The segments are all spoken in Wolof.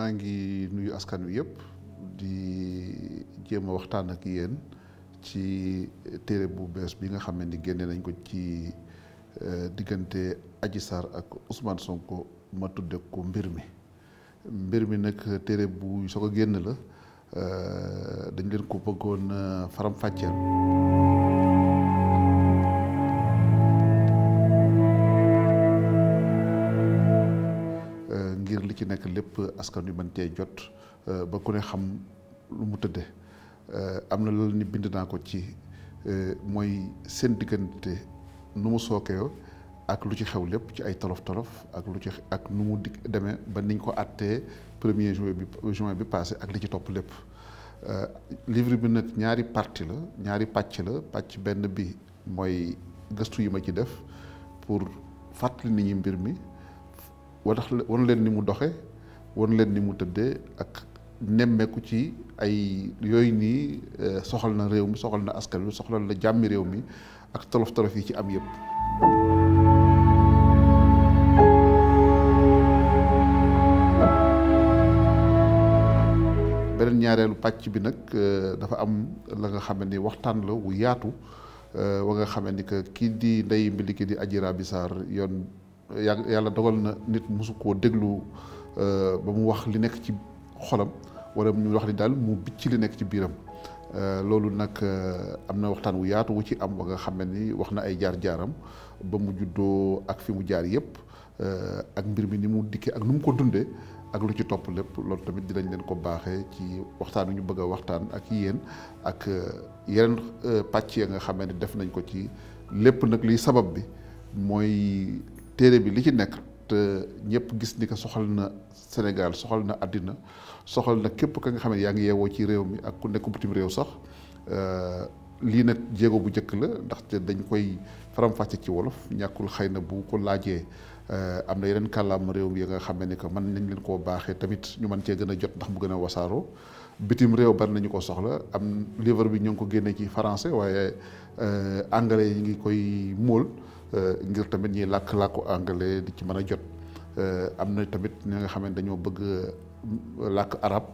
maa ngi nuyu askan wi yëpp di jéem a waxtaan ak yéen ci téere bu bees bi nga xam ni génne nañ ko ci euh, diggante aji sar ak Ousmane Sonko ma tudde ko mbir mi mbir mi nag téere bu soo ko génn la euh, dañ leen ko bëggoon euh, faram fàcceel lépp askan wi mën cee jot euh, ba ku ne xam lu mu tëdde euh, am na loolu ni bind naa ko ci euh, mooy seen diggante nu mu sookee ak lu ci xew lépp ci ay tolof tolof ak lu ci ak nu mu di demee ba niñ ko àttee premier juin bi juin bi passé ak li ci topp lépp livre bi nag ñaari partie la ñaari pàcc la pàcc benn bi mooy gëstu yi ma ci def pour fàttali nit ñi mbir mi watax wan leen ni mu doxe wan leen ni mu tëdde ak nemmeeku ci ay yooyu nii eh, soxal na réew mi soxal na askan wi soxlal na jàmmi réew mi ak tolof tolof yi ci am yëpp. beneen ñaareelu pàcc bi nag eh, dafa am la nga xam ni waxtaan la wu yaatu eh, wa nga xam ni que kii di Ndeye Mbiliki di Adji Raby yoon yàlla dogal na nit mosu koo déglu. Euh, ba mu wax li nekk ci xolam wala ñu wax li daal mu bicc li nekk ci biiram euh, loolu nag euh, am na waxtaan wu yaatu wu ci am ba nga xam ne ni wax na ay jaar-jaaram ba mu juddoo ak fi mu jaar yëpp ak mbir mi ni mu dikkee ak nu mu ko dundee ak lu ci topp lépp loolu tamit dinañ leen ko baaxee ci waxtaan wi ñu bëgg a waxtaan ak yéen ak yeneen pàcc ya nga xam ni def nañ ko ci lépp nag liy sabab bi mooy téere bi li ci nekk. te ñëpp gis ni ko soxal na Sénégal soxal na àddina soxal na képp ka nga xam ne yaa ngi yeewoo ci réew mi ak ku nekku bitim réew sax euh, lii nag jéego bu njëkk la ndax te dañ koy faram-fàcce ci wolof ñàkkul xëy na bu ko laajee euh, am na yeneen kàllaama réew mi ya nga xam ni que mën nañ leen koo baaxee tamit ñu mën cee gën a jot ndax mu gën a wasaaroo bitim réew bari nañu ko soxla am livre bi ñu ngi ko génnee ci farance waaye euh, anglais yi ngi koy móol. Euh, ngir tamit ñi làkk-làkku engle di ci mën a jot euh, am na tamit ñu nga xam ne dañoo bëgg euh, làkk arab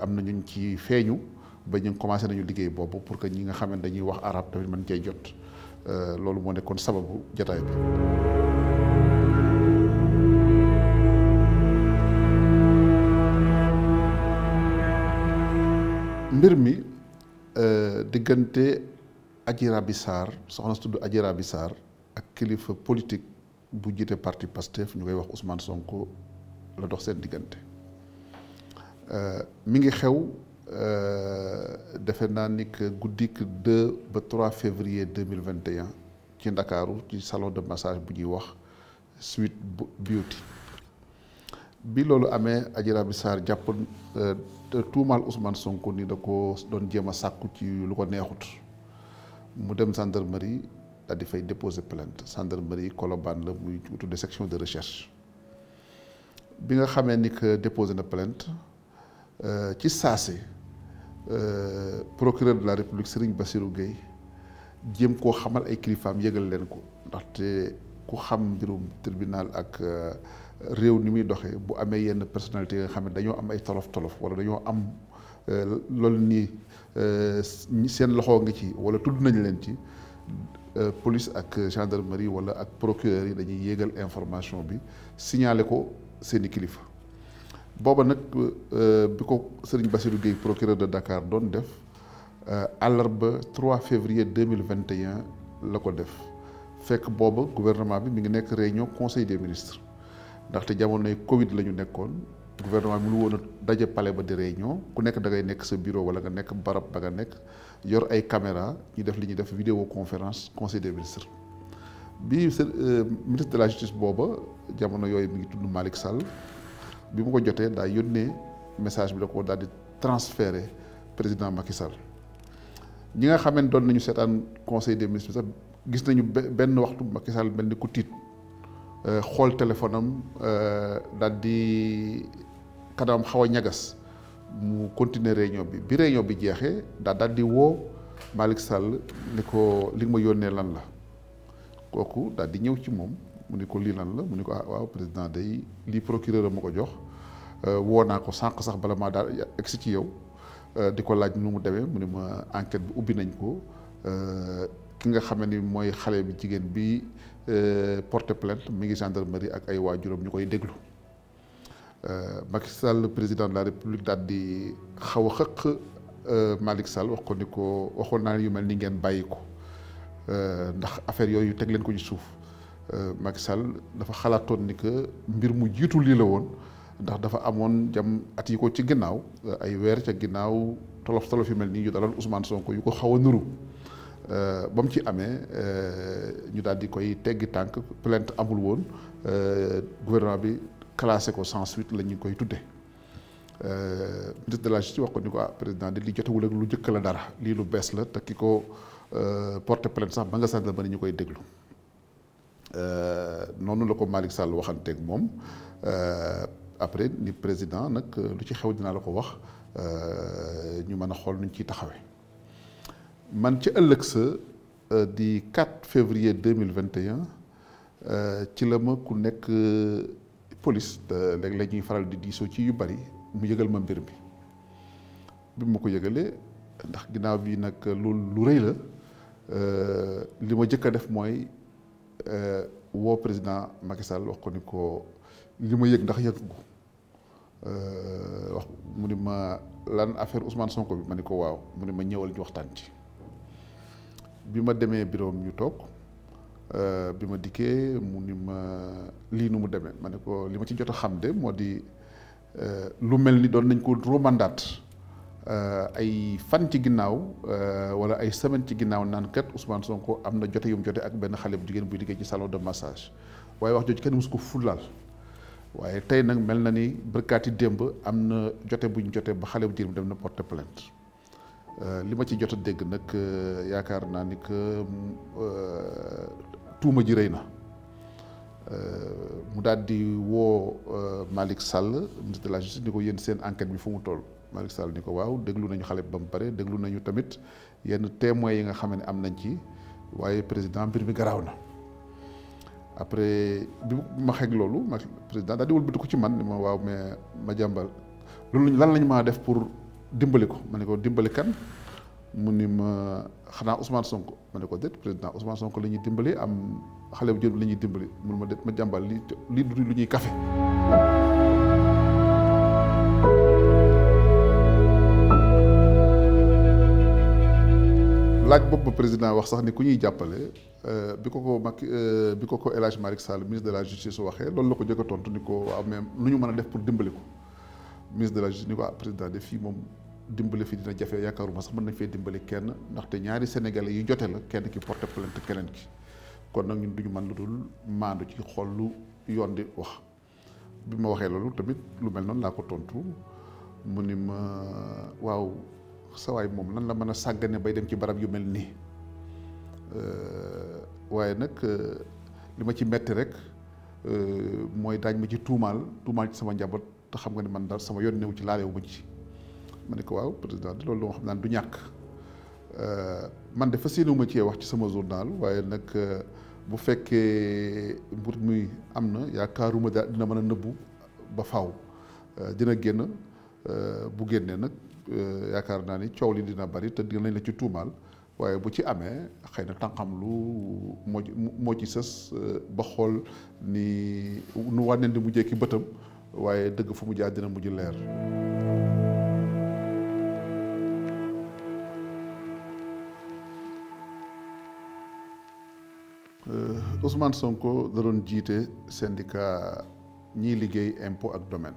am na ñuñ ci feeñu ba ñu commencé nañu liggéey boobu pour que ñi nga xam ne wax arab tamit mën cee jot loolu moo nekkoon sababu jataay bi. mbir mi diggante Adji Raby Sarr soxna su tudd Adji kilifa politique bu jiite parti Pastef ñu koy wax Ousmane Sonko la dox seen diggante euh, mi ngi xew euh, defe naa ni guddik 2 ba 3 février 2021 ci Ndakaaru ci salon de massage bu ñuy wax bu Beauty bi loolu amee Adji Raby Sarr jàpp euh, tuumaal Ousmane Sonko ni da ko doon jéem a sàkku ci lu ko neexut mu dem gendarmerie daal di fay déposer plainte gendarmerie Colobane la muy tudde section de recherche bi nga xamee ni que déposé na plainte euh, ci saase euh, procureur de la république Serigne Bassirou Gueye jéem koo xamal ay kilifaam yëgal leen ko ndaxte ku xam mbirum tribunal ak euh, réew ni muy doxee bu amee yenn personnalité yi nga xam ne dañoo am ay tolof tolof wala dañoo am loolu nii seen loxoo ngi ci wala tudd nañ leen ci Euh, police ak euh, gendarmerie wala ak procureur yi dañuy yéegal information bi signaale ko seeni kilifa booba nag euh, bi ko Serigne Bassirou Gueye procureur de Dakar doon def àllarba 3 février 2021 la ko def fekk booba gouvernement bi mu ngi nekk réunion conseil des ministres ndaxte jamonoy Covid la ñu nekkoon gouvernement bi mu ngi woon a daje palais ba di réunion ku nekk da ngay nekk sa bureau wala nga nekk barab ba nga nekk. yor ay caméra ñu def li ñuy def vidéo conférence conseil des ministres bi euh, ministre de la justice booba jamono yooyu mi ngi tudd Malick Sall bi mu ko jotee daa yónnee message bi da ko daal di transféré président Macky Sall ñi nga xamee doon nañu seetaan conseil des ministres sax gis nañu benn waxtu Macky Sall mel ni ku tiit euh, xool téléphone am euh, daal di kanamam xaw a ñagas. mu continuer réunion bi bi réunion bi jeexee daa daal di woo Malick sàll ni ko li ma yónnee lan la kooku daal di ñëw ci moom mu ni ko lii lan la mu ni ko ah waaw président day lii procureur ma ko jox euh, woo naa ko sànq sax bala maa daal egsi ci yow euh, di ko laaj nu mu demee mu ni ma enquête bi ubbi nañ ko euh, ki nga xam ni mooy xale bi jigéen bi porte plainte mi ngi gendarmerie ak ay waajuram ñu koy déglu Euh, Macky Sall président de la république dal di xaw a xëq euh, Malick Sall wax ko ni ko waxoon naa yu mel ni ngeen bàyyi ko euh, ndax affaire yooyu teg leen ko ci suuf Macky Sall dafa xalaatoon ni que mbir mu jiitu lii la woon ndax dafa amoon jam at yi ko ci ginnaaw ay weer ca ginnaaw tolof tolof yu mel nii yu daloon Ousmane Sonko yu ko xaw a nuru ba mu ci amee ñu daal di koy teggi tànk plainte amul woon gouvernement bi. classé ko sans suite la ñu koy tuddee euh, ministre de la justice wax ko ni ko ah président de li jotewul ak lu jëkk la dara lii lu bees la te ki ko euh, porte plainte sax ba nga sax ba ni ñu koy déglu euh, noonu la ko Malick Sall waxanteeg moom après ni président nag lu ci xew dinaa la ko wax ñu mën a xool nuñ ciy taxawee man ci ëllëg sa di 4 février 2021 ci la ma ku nekk. police léeg-léeg ñuy faral di diisoo ci yu bari mu yëgal ma mbir mi bi ma ko yëgalee ndax ginnaaw bi nag loolu lu rëy la euh, li ma jëkk a def mooy euh, woo président Macky Sall wax ko ni ko li ma yëg ndax yëgu ko euh, wax mu ni ma lan affaire Ousmane Sonko bi ma ni ko waaw mu ni ma ñëwal ñu waxtaan ci bi ma demee bureau ñu toog. Euh, bi ma dikkee mu ni ma lii nu mu demee ma ne ko li ma ci jot a xam de moo di euh, lu mel ni doon nañ ko romandaat euh, ay fan ci ginnaaw wala ay semaine ci ginnaaw naan kat Ousmane Sonko am na jote yum jote ak benn xale bu jigéen buy liggéey ci salon de massage waaye wax jooju kenn mosu ko fullaal waaye tey nag mel na ni bërkaati démb am na jote bu ñu jote ba xale bu jigéen bi dem na porte plainte li ma ci jot a dégg nag yaakaar naa ni que tuuma ji rëy na euh, mu daal di woo euh, Malick Sall ministre de ni ko yéen seen enquête bi fu mu toll Malick Sall ni ko waaw déglu nañu xale ba mu pare déglu nañu tamit yenn témoins yi nga xam ne am nañ ci waaye président mbir mi garaaw na après bi ma xeeg loolu ma président daal di ko ci man ni ma waaw mais ma jàmbal loolu lan lañ maa def pour dimbali ko ma ne ko dimbali kan mu ni ma. xanaa Ousmane Sonko ma ne ko déet président Ousmane Sonko la dimbali am xale bu jëm la ñuy dimbali mun ma déet ma jàmbal li li lu ñuy café laaj boobu président wax sax ni ku ñuy jàppale euh, bi ko ko Macky euh, bi ko ko El Hadj Malick Sall ministre de la justice waxee loolu la ko jëkk a tontu ni ko waaw lu ñu mën a def pour dimbali ko ministre de la justice ni ko ah président de fii moom dimbale fi dina jafe yaakaaruma sax mën nañ fee dimbali kenn ndaxte ñaari sénégalais yi jote la kenn ki porte plainte keneen ki kon nag ñun duñu mën lu dul maandu ci xool lu yoon di wax bi ma waxee loolu tamit lu mel noonu laa ko tontu mu ni ma waaw sawaay moom lan la mën a sàggane bay dem ci barab yu mel nii euh, waaye nag euh, li ma ci metti rek euh, mooy daañ ma ci tuumaal tuumaal ci sama njaboot te xam nga ni man daal sama yoon new ci laalewu ma ci ma ne ko waaw président di loolu loo xam naan du ñàkk euh, man de fas yéenewuma cee wax ci sama journal waaye nag euh, bu fekkee mbir mi am na yaakaaruma daal dina mën a nëbbu ba faaw euh, dina génn bu génnee nag yaakaar naa ni coow li dina bari te nañ la ci tuumaal waaye bu ci amee xëy na tànqam lu moo moo ci sës ba xool ni nu wànneen di mujjee ki bëtam waaye dëgg fu mu jaar dina mujj leer Euh, Ousmane Sonko da doon jiite syndicat ñiy liggéey impôt ak domaine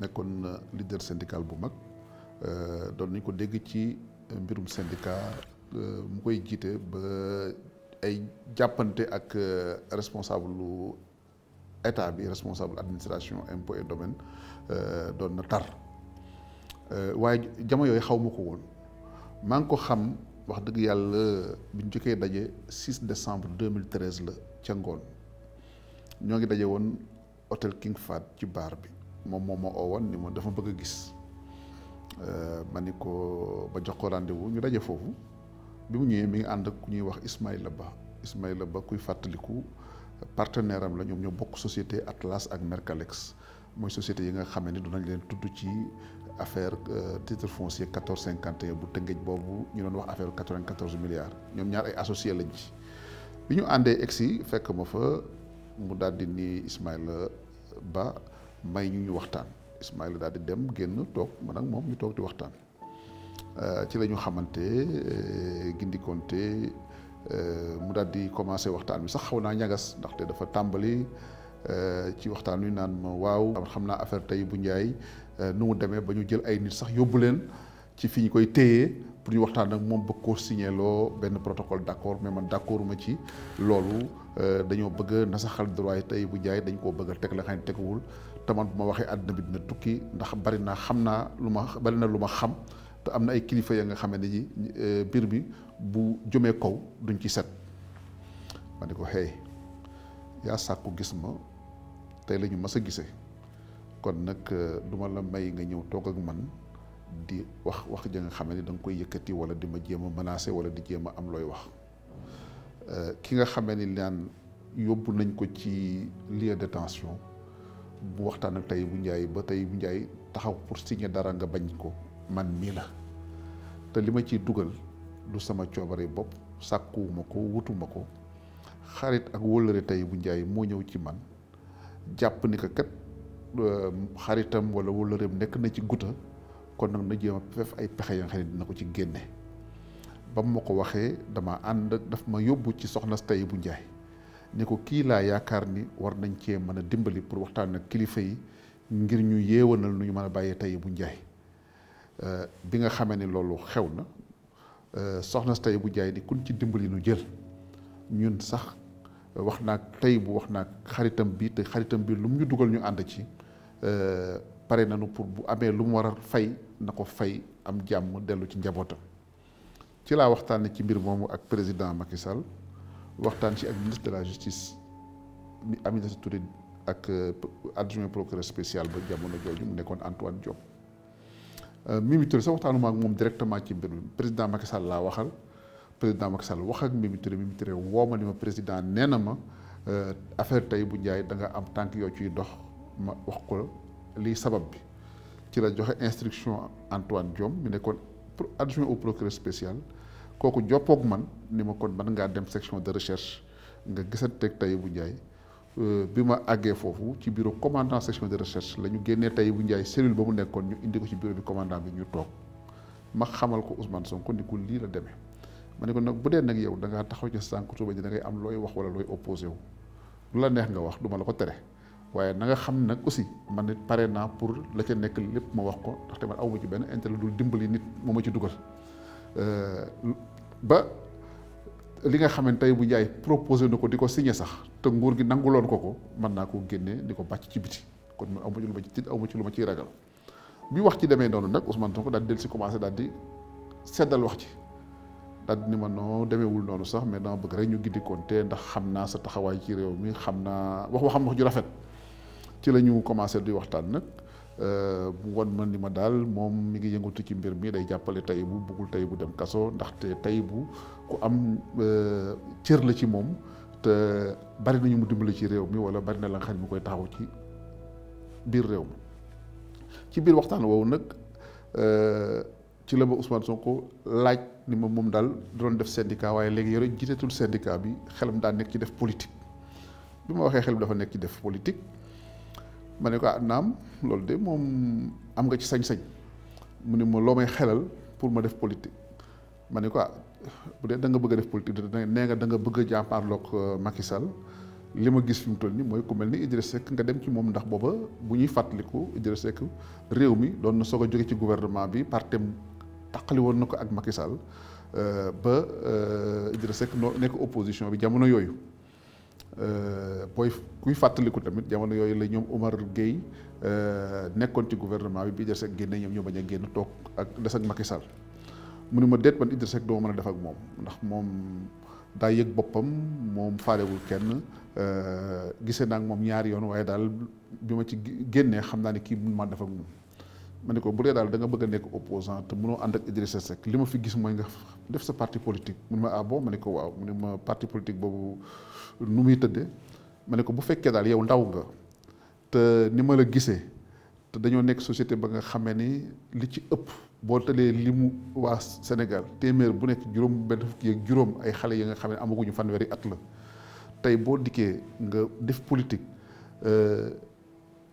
nekkoon leader syndical bu mag euh, doon nañ ko dégg ci mbirum syndicat euh, mu koy jiite ba ay jàppante ak responsable lu état bi responsable administration impôt et domaine doon na tar waaye jamono yooyu xaw ma ko woon maa ngi ko xam. wax dëgg yàlla bi ñu jógee daje 6 décembre 2013 la ca ngoon ñoo ngi daje woon hôtel King Fahd ci baar bi moom moom ma oo woon ni ma dafa bëgg a gis euh, ma ni ko ba jox ko rendez-vous ñu daje foofu bi mu ñëwee mi ngi ànd ak ku ñuy wax Ismaïla Ba Ismaïla Ba kuy fàttaliku partenaire am la ñoom ñu bokk société Atlas ak Mercalex mooy société yi nga xam ni dinañ leen tudd ci affaire euh, titre foncier 1451 bu Tëngéej boobu ñu doon wax affaire 94 milliards ñoom ñaar ay associé lañ ci bi ñu àndee egg si fekk ma fa mu daal di ni Ismaïla Ba may ñu ñu waxtaan Ismaïla daal di dem génn toog man ak moom ñu toog di waxtaan euh, ci la ñu xamante euh, gindikonte mu daal di commencé waxtaan bi sax xaw naa ñagas ndaxte dafa tàmbali ci waxtaan wi naan ma waaw xam naa affaire tey bu njaay Euh, nu mu demee ba ñu jël ay nit sax yóbbu leen ci fi ñu koy téyee pour ñu waxtaan ak moom bëgg koo signé loo benn protocole d' accord mais man d' accord ma ci loolu euh, dañoo bëgg a nasaxal droit yi tey bu jaay dañ koo bëgg a teg la xam ne teguwul te man bu bi dina tukki ndax bari naa xam naa lu ma bari na lu ma xam te am na ay kilifa ya nga xam ne ni biir bi bu jëmee kaw duñ ci set ma ne ko hey yaa sàkku gis ma tey la ñu mas a gisee. kon nag euh, duma la may nga ñëw toog ak man di wax wax ja nga xam ne da nga koy yëkkati wala di ma jéem a menacer wala di jéem a am looy wax euh, ki nga xamee ni naan yóbbu nañ ko ci lieu de détention bu waxtaan ak tey bu njaay ba tey bu njaay taxaw pour signer dara nga bañ ko man mii la te li ma ciy dugal du sama coobare bopp sàkkuwuma ko wutuma ko xarit ak wóllëre tey bu njaay moo ñëw ci man jàpp ni ko kat Euh, xaritam wala wala nekk nañ ci guta kon nag na jéem a fef ay pexe ya nga xam dina ko ci génne ba ma ko waxee dama ànd daf ma yóbbu ci soxna tay bu njaay ni ko kii yaakaar ni war nañ cee mën a dimbali pour waxtaan ak kilifa yi ngir ñu yeewanal nu mën a bàyyee tay bu njaay euh, bi nga xamee ne loolu xew na euh, soxna tay bu njaay ni kun ci dimbali nu jël ñun sax wax naag tay bu wax naag xaritam bi te xaritam bi lu mu ñu dugal ñu ànd ci Euh, pare nañu pour bu amee lu mu war a fay na ko fay am jàmm dellu ci njabootam ci laa waxtaan waxtaanee ci mbir moomu ak président Macky Sall waxtaan ci ak ministre de la justice mi Aminata Touré ak euh, adjoint procureur spécial ba jamono jooju mu nekkoon Antoine Diop. Euh, Mimi Touré sax waxtaanuma ak moom directement ci mbir mi président Macky Sall laa waxal président Macky Sall wax ak Mimi Touré Mimi Touré woo ma ni ma président nee na ma affaire tey bu njaay da nga am tànk yoo ciy dox. ma wax ko lii sabab bi ci la joxe instruction Antoine Diome mu nekkoon adjoint au procureur spécial kooku joppook man ni ma kon man ngaa dem section de recherche nga gisanteeg Tahibou Ndiaye euh, bi ma àggee foofu ci bureau commandant section de recherche la ñu génnee Tahibou Ndiaye cellule ba mu nekkoon ñu indi ko ci bureau bi commandant bi ñu toog ma xamal ko Ousmane Sonko ni ko lii la deme ma ne ko nag bu dee nag yow da ngaa taxaw ci sànq suba ji da am looy wax wala looy opposé wu la neex nga wax duma la ko tere. waaye na nga xam nag aussi man nit pare naa pour la ca nekk lépp ma wax ko ndax tamit aw ma ci benn intérêt dul dimbali nit moo ma ci dugal euh, ba li nga xamante tey bu njaay proposé na ko di ko signé sax te nguur gi nanguloon ko ko mën naa ko génne di ko bàcc ci biti kon ma ci lu ma ci aw ma ma ciy ragal bi wax ci demee noonu nag Ousmane Sonko ko di dellu si commencé daal di seddal wax ci daal di ni ma noo demeewul noonu sax mais dama bëgg rek ñu giddi koon te ndax xam naa sa taxawaay ci réew mi xam naa wax waxam wax ju rafet ci lañu ñu commencé di waxtaan nag mu euh, won ma ni ma daal moom mi ngi yëngatu ci mbir mi day jàppale Tahibou bëggul bu dem kaso ndaxte bu ku am euh, cër la ci moom te bari nañu mu dimbali ci réew mi wala bari na la nga xam mu koy taxaw ci biir réew mi ci biir waxtaan woowu nag euh, ci la ma Ousmane Sonko laaj ni ma moom daal doon def syndicat waaye léegi yore jiiteetul syndicat bi xelam daa nekk ci def politique bi ma waxee xelam dafa nekk ci def politique. ma ne ko ah naam loolu de moom am nga ci sañ-sañ mu ne ma loo may xelal pour ma def politique ma ne ko ah bu dee da nga bëgg a def politique nee nga da nga bëgg a jàmparloog euh, Macky li ma gis fi mu toll nii mooy ku mel ni Idriss Seck nga dem ci moom ndax booba bu ñuy fàttaliku Idriss Seck réew mi doon na soog a jóge ci gouvernement bi partem taqali woon na ko ak Macky Sall euh, ba euh, Idriss Seck noo nekk opposition bi jamono yooyu. Euh, booy kuy fàttaliku tamit jamono yooyu la ñoom Omar Gueye euh, nekkoon ci gouvernement bi bi Idrissa Seck génne ñoom ñoo bañ a génn toog ak des ak Macky Sall mu ni ma déet man Idrissa Seck doo mën a def ak moom ndax moom daa yëg boppam moom faalewul kenn euh, gisee naa moom ñaari yoon waaye daal bi ma ci génnee xam naa ne kii mun maa def ma ne ko bu dee daal da nga bëgg a nekk opposant te mënoo ànd ak Idrissa Seck li ma fi gis mooy nga def sa parti politique mu ma ah bon ma ne ko waaw mu parti politique boobu nu muy tëddee ma ne ko bu fekkee daal yow ndaw nga te ni ma la gisee te dañoo nekk société ba nga xamee ni li ci ëpp boo tëlee li mu waa Sénégal téeméer bu nekk juróom benn fukki ak juróom ay xale yi nga xam ne amaguñu fanweeri at la tey boo dikkee nga def politique euh,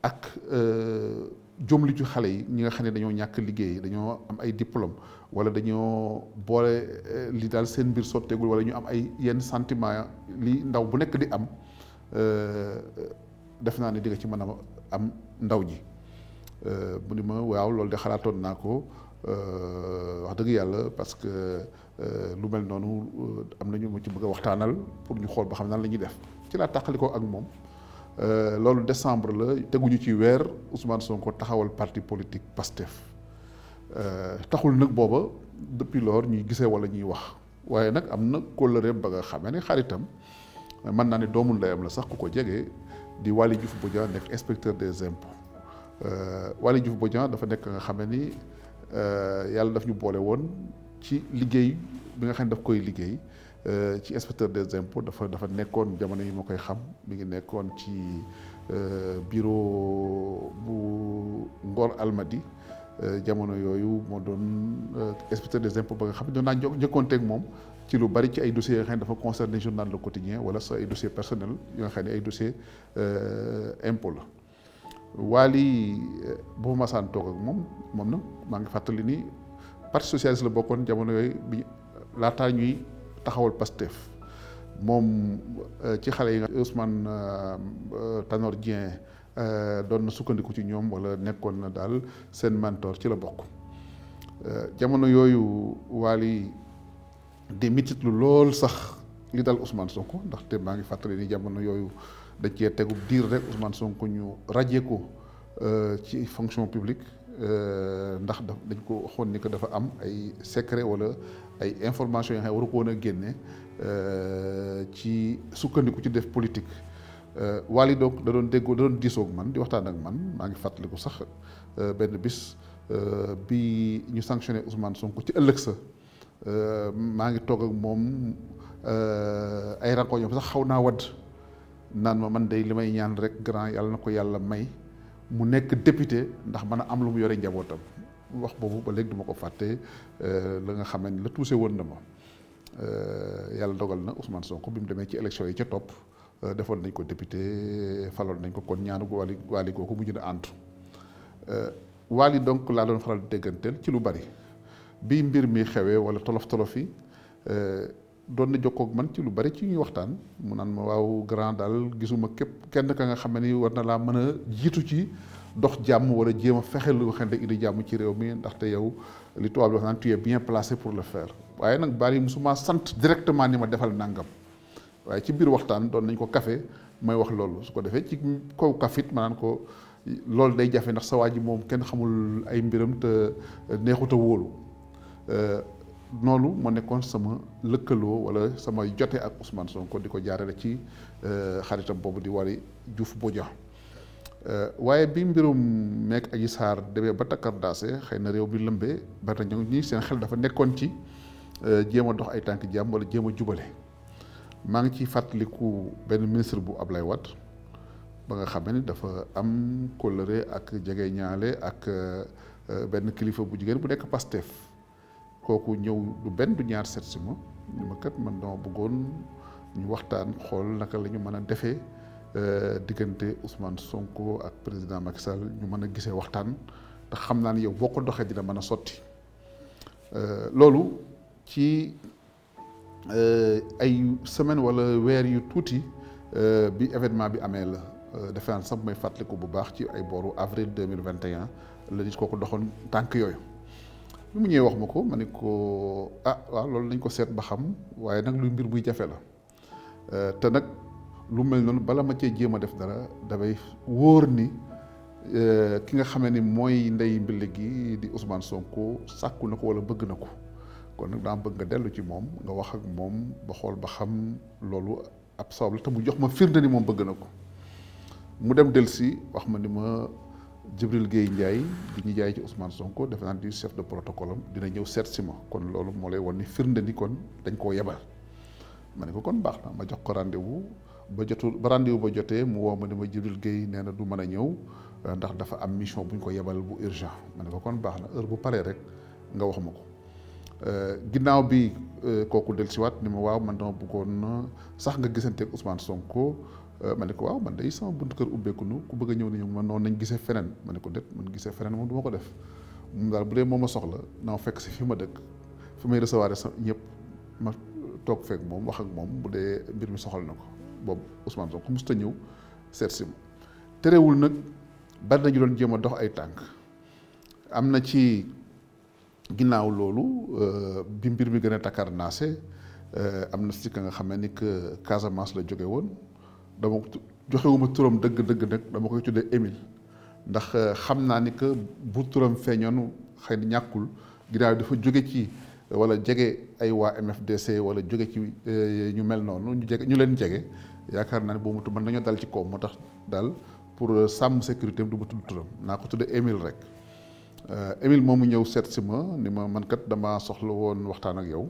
ak euh, jomli ci xale yi ñi nga xam ne dañoo ñàkk liggéey dañoo am ay diplôme wala dañoo boole eh, li daal seen mbir sotteegul wala ñu am ay yenn sentiment li ndaw bu nekk di am eh, def naa ne di ci mën a am ndaw ji bu eh, ni ma waaw loolu de xalaatoon naa ko wax dëgg yàlla parce que lu mel noonu am na ñu ma ci bëgg a waxtaanal pour ñu xool ba xam nan la ñuy def ci laa tàqali ko ak moom Euh, loolu décembre la teguñu ci weer Ousmane ko taxawal parti politique PASTEF euh, taxul nag booba depuis lool ñuy gisee wala ñuy wax waaye nag am na kóllëre ba nga xamee ne xaritam mën naa ne doomu ndeyam la sax ku ko jege di Waly Diouf Bodian nekk inspecteur des impôts euh, Waly bu Bodian dafa nekk nga xamee ni yàlla daf ñu boole woon ci liggéey bi nga xam ne daf koy liggéey. Euh, ci inspecteur des impôts dafa dafa nekkoon jamono yi ma koy xam mu ngi nekkoon ci euh, bureau bu Ngor Almadi euh, jamono yooyu moo doon inspecteur des impôts ba nga xam ne doon naa njëkkoonteeg moom ci lu bari ci ay dossiers yoo xam ne dafa concerné journal Le Quotidien wala sa ay dossiers personnels yoo xam ne ay dossiers impôt la. Waly bu masaan toog ak moom moom na maa ngi fàttali ni parti socialiste la bokkoon jamono yooyu bi laataa ñuy. taxawal Pastef moom euh, ci xale yi nga Ousmane euh, euh, Tanor Dieng doon na sukkandiku ci ñoom wala nekkoon na daal seen mentor ci la bokk jamono yooyu Wally di mititlu lool sax li dal Ousmane Sonko ndaxte maa ngi fàttali ni jamono yooyu dañ cee tegub diir rek Ousmane Sonko ñu ràjjee ko ci fonction publique Euh, ndax dañ ko waxoon ni dafa am ay secret wala ay information yoo xam ne waru ko woon a génne euh, ci sukkandiku ci def politique euh, Wally donc da doon déggoo da doon diisoog man di waxtaan ak man maa ngi fàttaliku sax benn bis bi ñu sanctionné Ousmane ko ci ëllëg sa maa ngi toog ak moom ay ranko sax xaw naa wadd naan ma man dey li may ñaan rek grand yàlla na ko yàlla may mu nekk député ndax mën a am lu mu yore njabootam wax boobu ba léegi duma ko fàtte euh, la nga xam ne la tuuse woon na ma euh, yàlla dogal na soo ko bi mu demee ci élection yi ca topp euh, defoon nañ ko député faloon nañ ko kon ñaanu waali waali kooku mujj na àntu waali donc laa doon faral dégganteel ci lu bari bi mbir mi xewee wala tolof tolofi doon na jokkoog man ci lu bari ci ñuy waxtaan mu naan ma waaw grand daal gisuma képp kenn ka nga xam ni war na laa mën a jiitu ci dox jàmm wala jéem a fexe lu nga xam indi jàmm ci réew mi ndaxte yow li tubaab di wax naan tu bien placé pour le fair waaye nag bari musuma sant directement ni ma defal nangam waaye ci biir waxtaan doon nañ ko kafe may wax loolu su ko defee ci kaw kafit ma naan ko loolu day jafe ndax sa waa ji moom kenn xamul ay mbiram te neexut noonu moo nekkoon sama lëkkaloo wala sama jote ak Ousmane Sonko di ko jaarale ci euh, xaritam boobu di Waly Diouf Bodian euh, waaye bi mbirum meek Adji Sarr demee ba takkardaase xëy na réew mi lëmbee ba na ñoom ñii seen xel dafa nekkoon ci euh, jéem a dox ay tànk jàmm wala jéem a jubale maa ngi ci fàttaliku benn ministre bu Ablaye wat ba nga xamee ni dafa am kóllëre ak jege ñaale ak benn kilifa bu jigéen bu nekk Pastef kooku ñëw du benn du ñaar seet si ma ñu ma kat man dama bëggoon ñu waxtaan xool naka lañu mën a defee euh, diggante Ousmane Sonko ak président Macky Sall ñu mën a gisee waxtaan te xam naa ne yow boo ko doxee dina mën a sotti euh, loolu ci euh, ay semaine wala weer yu tuuti bi événement bi amee la defe naa sax may ko bu baax ci ay booru avril deux mille vingt et un la nit kooku doxoon tànk yooyu. bi mu ñëwee wax ma ko ma ne ko ah waaw loolu nañ ko seet ba xam waaye nag luy mbir muy jafe la euh, te nag lu mel noonu bala ma cee jéem a def dara damay wóor ni euh, ki nga xam ni mooy ndey mbile gi di Ousmane Sonko sàkku na ko wala bëgg na ko kon nag daa bëgg nga dellu ci moom nga wax ak moom ba xool ba xam loolu ab sabab la te mu jox ma firnde ni moom bëgg na ko mu dem delsi wax ma ni ma. Djibril Gueye Ndiaye di ñu jaay ci Ousmane Sonko defe naa di chef de protocole am dina ñëw seet si ma kon loolu moo lay wan ni firnde ni kon dañ koo yebal ma ne ko kon baax na ma jox ko rendez-vous ba jotul ba rendez ba jotee mu woo ma ne ma Djibril Gueye du mën a ñëw euh, ndax dafa am mission bu ñu ko yebal bu urgent ma ne ko kon baax na heure bu paree rek nga wax ma ko euh, ginnaaw bi euh, kooku dellusiwaat ni ma waaw man dama bëggoon sax nga gisante ak Ousmane Sonko. Euh, ma ne ko waaw man de sama buntu kër ubbeeku nu ku bëgg a ñëw ne ñëw man noonu nañ gisee feneen ma ne ko déet man gisee feneen moom du ko def moom daal bu dee moom ma soxla naa fekk si fi ma dëkk fi may recevoir sa ñëpp ma toog fekk moom wax ak moom bu dee mbir mi soxal na ko boobu Ousmane Sonko mosut a ñëw seet si ma terewul nag bari nañu doon jéem a dox ay tànk am na ci ginnaaw loolu euh, bi mbir mi gën a takkaar naase euh, am na si ka nga xamee ni que Casamance la jóge woon dama joxewuma turam dëgg dëgg nag dama koy tuddee Émile ndax euh, xam naa ni que bu turam feeñoon xëy ñàkkul ñàkkul ginnaaw dafa jóge ci wala jege ay waa MFDC wala jóge ci euh, ñu mel noonu ñu jege ñu leen jege yaakaar naa ne boo mutu mën nañoo dal ci kaw moo tax daal pour euh, sàmm sécurité am du ma tudd turam naa ko tuddee Émile rek Émile moomu ñëw seet si ma ni ma man kat dama soxla woon waxtaan ak yow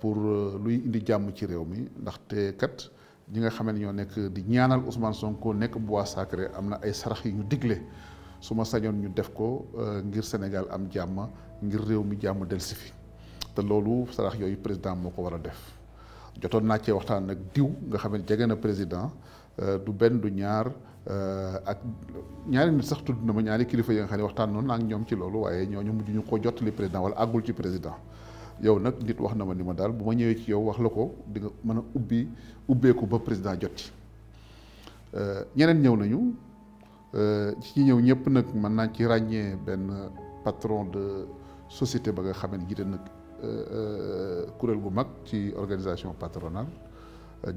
pour luy indi jàmm ci réew mi ndaxte kat. ñi nga xam ne ñoo nekk di ñaanal Ousmane Sonko nekk bois sacré am na ay sarax yu ñu digle su ma sañoon ñu def ko euh, ngir Sénégal am jàmm ngir réew mi jàmm delsi fi te loolu sarax yooyu président moo ko war a def jotoon naa cee waxtaan nag diw nga xam ne jege na président euh, du benn du ñaar euh, ak ñaari nit sax tudd na ma ñaari kilifa yi nga xam ne waxtaan noonu ak ñoom ci loolu waaye ñu mujj ñu ko jottali président wala àggul ci président. yow nag nit wax na ma ni ma daal bu ma ñëwee ci yow wax la ko di nga mën a ubbi ubbeeku ba président jot ci euh, ñeneen ñëw nañu euh, ci ñi ñëw ñëpp nag mën naa ci ràññee benn patron de société ba nga xam ne jiite nag euh, kuréel gu mag ci organisation patronale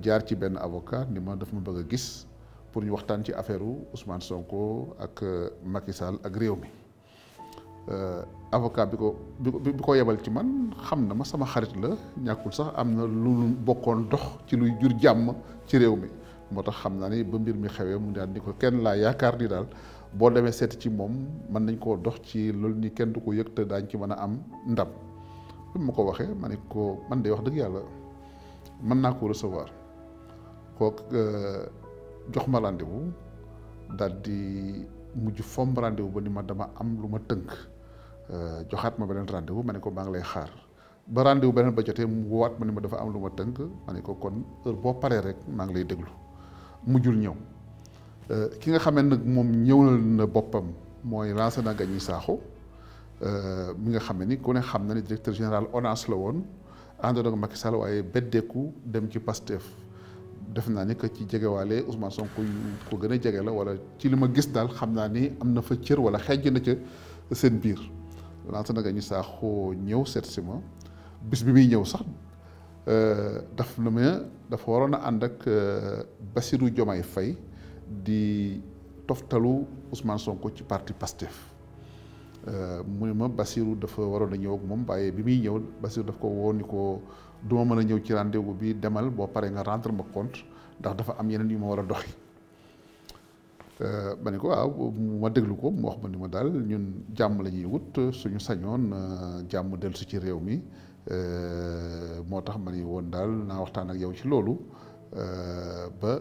jaar ci benn avocat ni ma daf ma bëgg a gis pour ñu waxtaan ci affaire Ousmane Sonko ak Macky Sall ak réew mi. Euh, avocat bi ko bi ko yebal ci man xam na ma sama xarit la ñàkkul sax am na lu bokkoon dox ci luy jur jàmm ci réew mi moo tax xam naa ni ba mbir mi xewee mu daal ni ko kenn laa yaakaar ni daal boo demee seet ci moom man nañ koo dox ci loolu ni kenn du ko yëg te daañ ci mën a am ndab mu ma ko waxee ma ne ko man de wax dëgg yàlla man naa ko recevoir kooku euh, jox ma rendez daal di mujj fomm rendez ba ni ma dama am lu ma tënk Euh, joxaat ma beneen rendez-vous ma ne ko maa ngi lay xaar ba rendez-vous beneen ba jotee mu woowaat ma ne ma dafa am lu ma tënk ma ne ko kon heure boo paree rek maa ngi lay déglu mujjul ñëw euh, ki nga xamee moom ñëwal na boppam mooy lancé na gañi saaxu euh, mi nga xam ne ni ku ne xam na ne directeur général ONAS la woon àndoon ak Macky Sall waaye beddeeku dem ci Pastef def naa ni que ci jegewaale Ousmane Sonko ko gën a jege la wala ci li ma gis daal xam naa ni am na fa cër wala xejj na ca seen biir. Lansana ñu Sakho ñëw seet si ma bis bi muy ñëw sax euh, daf na ma dafa waroon a ànd ak euh, Bassirou Diomaye fay di toftalu Ousmane Sonko ci parti Pastef euh, mu ne ma Bassirou dafa waroon a ñëw ak moom waaye bi muy ñëw Bassirou daf ko woo ni ko duma mën a ñëw ci rendez-vous bi demal boo paree nga rendre ma compte ndax dafa am yeneen yu ma war a doxi Euh, ma ne ko waaw ma déglu ko mu wax ma ni ma daal ñun jàmm la ñuy wut suñu sañoon euh, jàmm dellusi ci réew mi euh, moo tax ma ni woon daal naa waxtaan ak yow ci loolu ba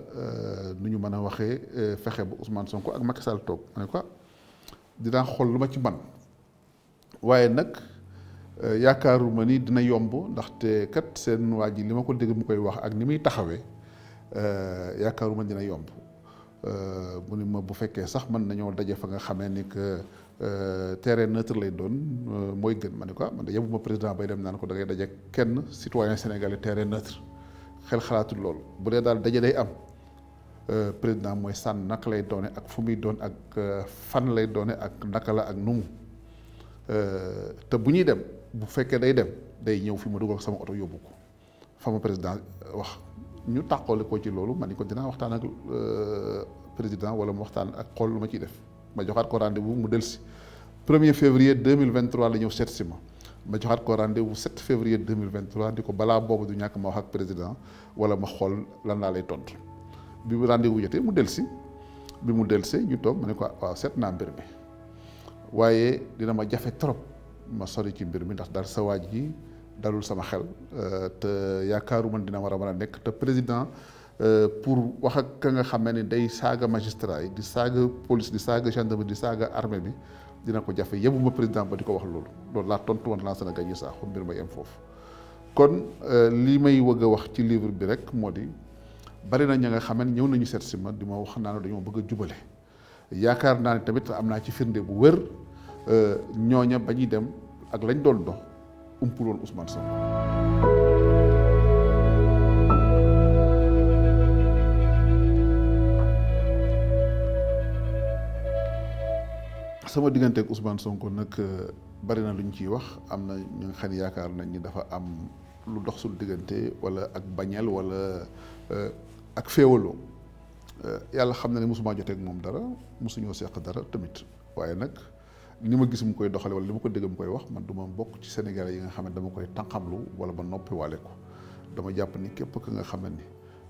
nu ñu mën a waxee fexe ba Ousmane Sonko ak Macky Sall toog ma ne ko ah, dinaa xool lu ma ci man waaye nag yaakaaruma ni dina yomb ndaxte kat seen waa ji li ma ko dégg mu koy wax ak ni muy taxawee yaakaaruma dina yomb. Euh, mu ni ma bu fekkee sax mën nañoo daje fa nga xamee ni que euh, terrain neutre lay doon euh, mooy gën ma ne quoi man de yebuma président bay dem naan ko da ngay daje kenn citoyen sénégalais tere neutre xel xalaatul loolu bu dee daal daje day am président mooy sànn naka lay doone ak fu muy doon ak fan lay doone ak naka la ak numu te bu ñuy dem bu fekkee day dem day ñëw fi ma dugal sama oto yóbbu ko fa ma président wax ñu tàqale ko ci loolu ma ni ko dinaa waxtaan ak euh, président wala mu waxtaan ak xool lu ma ciy def ma joxaat ko rendez bu mu delsi 1er février 2023 la ñëw seet si ma ma joxaat ko rendez-vous 7 février 2023 di ko balaa boobu du ñàkk ma wax ak président wala ma xool lan laa lay tontu bi mu rendez-vous jotee mu si bi mu si ñu toog ma ne ko waaw seet naa mbir mi waaye dina ma jafe trop ma sori ci mbir mi ndax daal sa waaj ji dalul sama xel euh, te yaakaaruma dina war a mën a nekk te président euh, pour wax ak ka nga xam ne day saaga magistrat yi di saaga police di saaga gendarmerie di saaga armée bi dina ko jafe yebuma président ba di ko wax loolu loolu laa tontu woon lancé na gañu saa xum mbir ma yem foofu kon euh, lii may wëgg a wax ci livre bi rek moo di bari na ña nga xam ne ñëw nañu seet si ma di ma wax naa ne dañoo bëgg a jubale yaakaar naa ne tamit am naa ci firnde bu wër ñooña ba ñuy dem ak lañ doon dox umpuloon Ousmane Sonko sama diggante ak Ousmane Sonko nag euh, bari na lu ñu ciy wax am na ñu nga yaakaar nañ ni dafa am lu dox suñu diggante wala ak bañeel wala euh, ak féewaloo euh, yàlla xam na ne mosuma joteeg moom dara mosuñoo seq dara tamit waaye nag. ni ma gis mu koy doxale wala li ma ko dégg mu koy wax man du bokk ci Sénégalais yi nga xam ne dama koy tànqamlu wala ba noppiwaale ko dama jàpp ni képp ka nga xam ne ni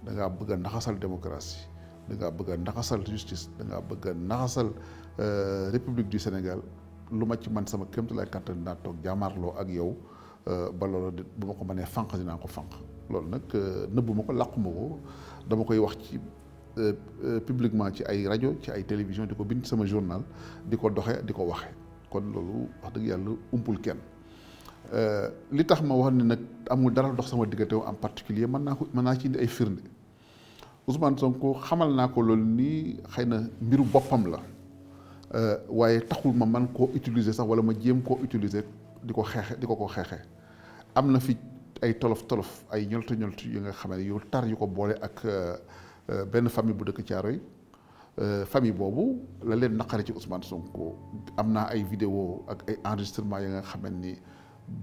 da ngaa bëgg a naxasal démocratie danga ngaa bëgg a naxasal justice da ngaa bëgg a naxasal euh, république du Sénégal lu ma ci man sama kéemtalaay kàttan dinaa toog jaamaarloo ak yow euh, ba loolu bu ma ko mënee fànq dinaa ko fànq loolu nag euh, nëbbu ma ko làqu ma ko dama koy wax ci Euh, euh, publiquement ci ay rajo ci ay télévision di ko bind sama journal di ko doxe di ko waxe kon loolu wax dëgg yàlla umpul kenn euh, li tax ma wax ne nag amul dara dox sama diggante en particulier man naa ko mën naa ci indi ay firnde Ousmane Sonko xamal naa ko lool nii xëy na mbiru boppam la waaye taxul ma man koo utiliser sax wala ma jéem koo utiliser di ko xeexe di ko ko xeexe am na fi ay tolof tolof ay ñoltu ñoltu yi nga xam ne yu tar yu ko boole ak Euh, benn famille bu dëkk Thiaroye euh, famille boobu la leen naqare ci Ousmane Sonko am naa ay vidéo ak ay enregistrement ya nga xaman ni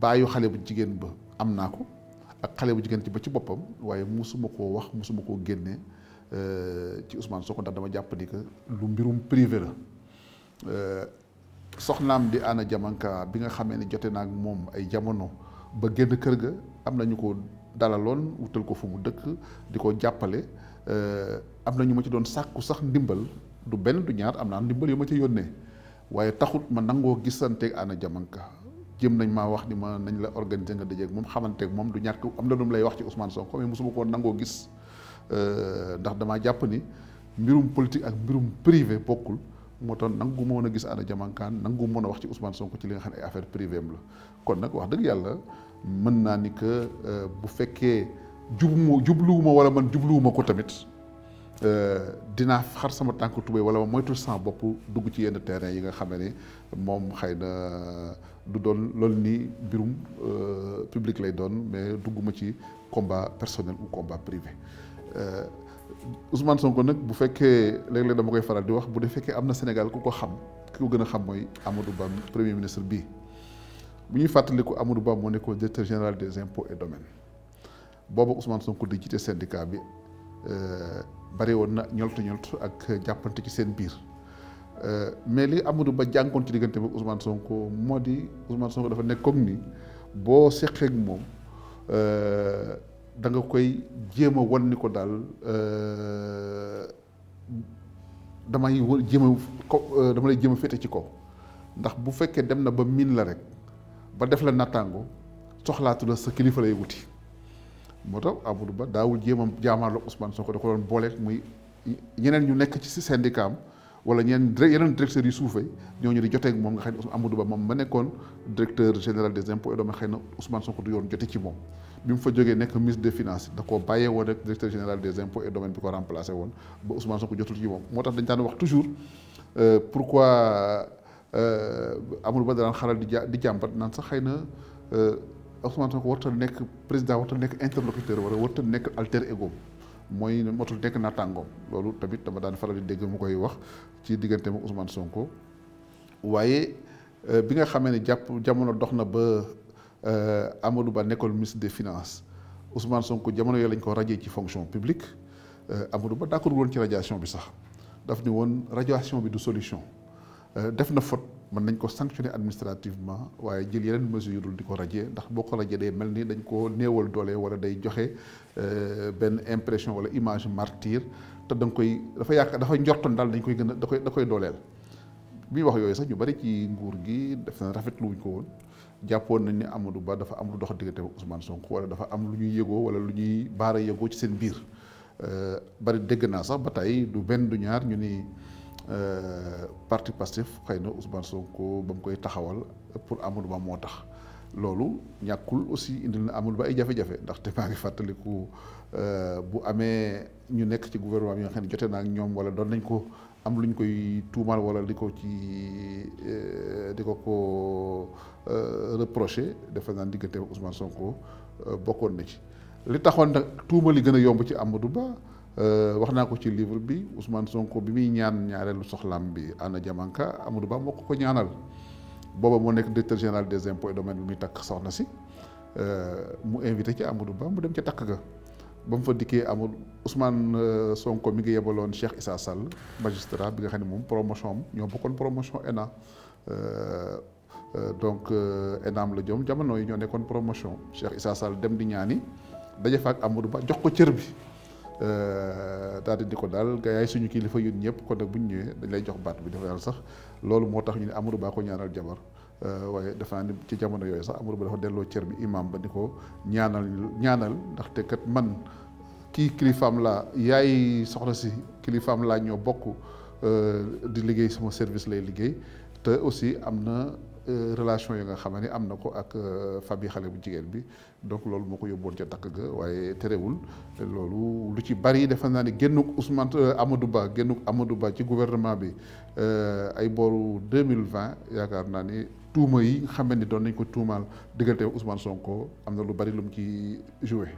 bàyyi xale bu jigéen ba am naa ko ak xale bu jigéen ci ba ci boppam waaye mosuma koo wax musuma koo génne euh, ci Ousmane Sonko ndax dama jàpp ni lu mbirum privé la soxnaam di Anna Diamanka bi nga xamee ni jote naa ak moom ay jamono ba génn kër ga am na ñu ko dalaloon wutal ko fu mu dëkk di ko jàppale Euh, am na ñu ma ci doon sàkku sax ndimbal du benn du ñaar am naa ndimbal yu ma ci yónnee waaye taxut ma nangoo gisanteeg Anna Diamanka jëm nañ maa wax ni ma nañ la organiser nga dajeeg moom xamanteeg moom du ñàkk am na lu mu lay wax ci Ousmane Sonko mais mosuma ko nangoo gis euh, ndax damaa jàpp ni mbirum politique ak mbirum privé bokkul moo tax nangu ma mën a gis Anna Diamanka nangu mën a wax ci Ousmane Sonko ci li nga xam ne ay affaire privée la kon nag wax dëgg yàlla mën naa ni que euh, bu fekkee. jubuma jubluwuma wala man jubluwuma ko tamit euh, dinaa xar sama tànk tubéy wala ma moytu sans bopp dugg ci yenn terrain yi nga xam ne moom xëy na du doon loolu nii mbirum euh, public lay doon mais dugguma ci combat personnel ou combat privé euh, Ousmane Sonko nag bu fekkee léeg-léeg dama koy faral di wax bu dee fekkee am na Sénégal ku ko xam ki ko gën a xam mooy Amadou Ba premier ministre bii bu ñuy fàttaliku Amadou Ba moo nekkoon directeur général des impôts et domaines. booba Ousmane Sonko di jiite syndicat bi euh, bari woon na ñoltu ñoltu ak jàppante ci seen biir euh, mais li Amadou Ba jànkoon ci diggante bi Ousmane Sonko moo di Ousmane Sonko dafa nekk comme ni boo seqee ak moom euh, da nga koy jéem won ni ko daal damay jéem a ko dama lay jéem féete ci ko ndax bu fekkee dem na ba miin la rek ba def la nattango soxlaatu la sa kilifa lay wuti. moo tax Amadou Ba daawul jéem a jaamaarloo Ousmane Sonko da ko doon booleeg muy ñeneen ñu nekk ci syndicat am wala ñeneen yeneen directeurs yu suufee ñooñu di jotee ak moom nga xam ne Amadou Ba moom ma nekkoon directeur général des impôts xëy na Ousmane Sonko du yoon jote ci moom bi mu fa jógee nekk ministre des finances da koo bàyyee woon rek directeur général des impôts et domaines bi ko remplacé woon ba Ousmane Sonko jotul ci moom moo tax dañ daan wax toujours euh, pourquoi euh, Amadou Ba daan xaral di ja di jàmbat naan sax xëy na euh, Ousmane Sonko warta nekk président warta nekk interlocuteur wala warta nekk alter ego mooy motul nekk naataangoom loolu tamit dama daan faral di dégg mu koy wax ci diggante mu Ousmane Sonko waaye euh, bi nga xamee ne jàpp jamono dox na ba euh, amadu Ba nekkoon ministre des finances Ousmane Sonko jamono yooyu lañ ko rajee ci fonction publique euh, Amadou Ba d'accord woon ci radiation bi sax daf ni woon rajoation bi du solution def na faute mën nañ ko sanctionner administrativement waaye jël yeneen mesures yu dul di ko rajee ndax boo ko radier day mel ni dañ ko néewal doole wala day joxe euh, benn impression wala image martyr te da koy dafa yàq dafa njortoon daal dañ koy gën a da koy dooleel. bi wax yooyu sax ñu bari ci nguur gi def na rafetlu wuñ ko woon jàppoon nañ ni Amadou Ba dafa am lu dox diggante ak Ousmane Sonko wala dafa am lu ñuy yëgoo wala lu ñuy baara yëgoo ci seen biir euh, bari dégg naa sax ba tey du benn du ñaar ñu ni. Euh, parti Pastef xëy na Ousmane Sonko ba mu koy taxawal pour Amadou Ba moo tax loolu ñàkkul aussi indil na Amadou Ba ay jafe-jafe ndaxte maa ngi fàttaliku euh, bu amee ñu nekk ci gouvernement bi nga xam ne jote ak ñoom wala doon nañ ko am luñ koy tuumaal wala di ko ci euh, di ko ko reproché dafa naan diggante Ousmane Sonko bokkoon na ci li taxoon nag tuuma li gën a yomb ci Amadou Ba. Euh, wax naa ko ci livre bi Ousmane Sonko bi muy ñaan ñaareelu soxlaam bi a jamanka Amadou Ba moo ko ko ñaanal booba moo nekk directeur général des impôts et domaines bi muy takk soxna si euh, mu invité ci Amadou Ba mu dem ca takk ga ba fa dikkee Amadou Ousmane euh, Sonko mi ngi yebaloon Cheikh Issa Sall magistrat bi nga xam ne moom promotion am ñoo bokkoon promotion ENA donc ENAM la jom jamono yi ñoo nekkoon promotion Cheikh Issa Sall dem di ñaani daje fa ak Ba jox ko cër bi. Euh, daal di ni ko daal nga yaay suñu kilifa yun ñëpp kon nag bu ñu ñëwee dañ lay jox baat bi dafa yàlla sax loolu moo tax ñu ne Amadou Ba ko ñaanal jabar euh, waaye defe naa ci jamono yooyu sax Amadou Ba dafa delloo cër bi imam ba ni ko ñaanal ñaanal ndaxte kat man kii kilifaam laa yaay soxna si kilifaam laa ñoo bokk euh, di liggéey sama service lay liggéey te aussi am na Euh, relation yi nga xam ne am na ko ak euh, famille xale bu jigéen bi donc loolu moo ko yóbboon ca takk ga waaye terewul loolu lu ci bari defe naa ne génnuk Ousmane euh, Amadou Ba génnuk Amadou Ba ci gouvernement bi ay booru deux mille vingt yaakaar naa ni tuuma yi nga xam doon nañ ko tuumaal diggante Ousmane Sonko am na lu bari lu ci joué.